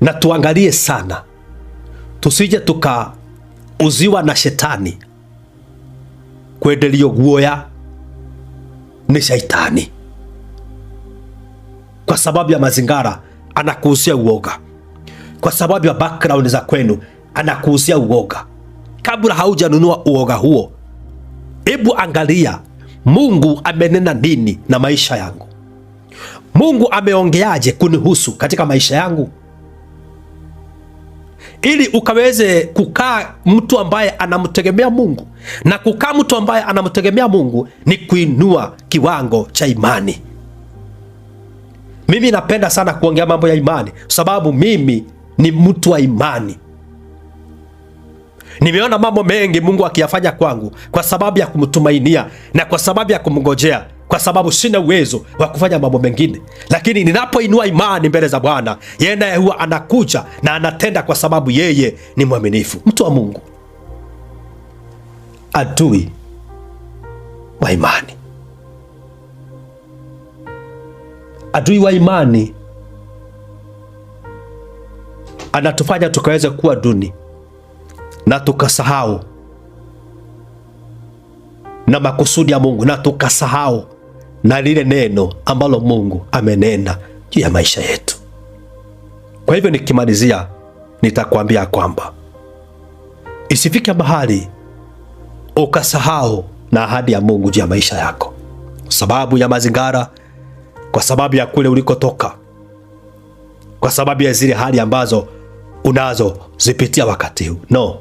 na tuangalie sana, tusije tukauziwa na shetani. Kwendelio guoya ni shaitani, kwa sababu ya mazingara anakuuzia uoga, kwa sababu ya background za kwenu anakuuzia uoga. Kabla haujanunua uoga huo, hebu angalia Mungu amenena nini na maisha yangu. Mungu ameongeaje kunihusu katika maisha yangu? ili ukaweze kukaa mtu ambaye anamtegemea Mungu, na kukaa mtu ambaye anamtegemea Mungu ni kuinua kiwango cha imani. Mimi napenda sana kuongea mambo ya imani, sababu mimi ni mtu wa imani. Nimeona mambo mengi Mungu akiyafanya kwangu kwa sababu ya kumtumainia na kwa sababu ya kumngojea kwa sababu sina uwezo wa kufanya mambo mengine, lakini ninapoinua imani mbele za Bwana, yeye naye huwa anakuja na anatenda, kwa sababu yeye ni mwaminifu. Mtu wa Mungu, adui wa imani, adui wa imani anatufanya tukaweza kuwa duni na tukasahau na makusudi ya Mungu na tukasahau na lile neno ambalo Mungu amenena juu ya maisha yetu. Kwa hivyo nikimalizia, nitakwambia kwamba isifike mahali ukasahau na ahadi ya Mungu juu ya maisha yako, kwa sababu ya mazingara, kwa sababu ya kule ulikotoka, kwa sababu ya zile hali ambazo unazo zipitia wakati huu no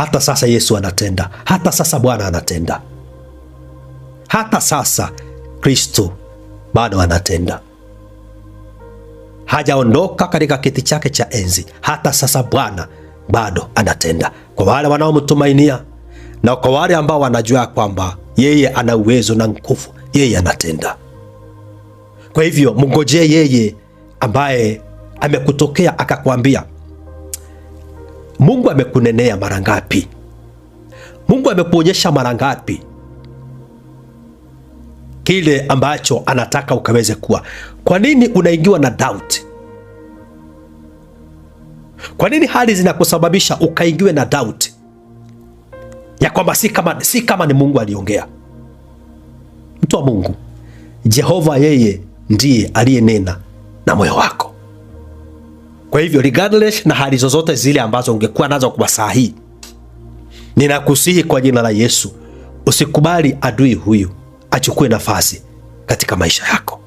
Hata sasa Yesu anatenda, hata sasa Bwana anatenda, hata sasa Kristo bado anatenda. Hajaondoka katika kiti chake cha enzi. Hata sasa Bwana bado anatenda kwa wale wanaomtumainia na kwa wale ambao wanajua kwamba yeye ana uwezo na nguvu, yeye anatenda. Kwa hivyo mngojee yeye ambaye amekutokea akakwambia Mungu amekunenea mara ngapi? Mungu amekuonyesha mara ngapi kile ambacho anataka ukaweze kuwa? Kwa nini unaingiwa na doubt? Kwa nini hali zinakusababisha ukaingiwe na doubt ya kwamba si kama, si kama ni Mungu aliongea? Mtu wa Mungu, Jehova yeye ndiye aliyenena na moyo wako. Kwa hivyo regardless na hali zozote zile ambazo ungekuwa nazo kwa saa hii, ninakusihi kwa jina la Yesu usikubali adui huyu achukue nafasi katika maisha yako.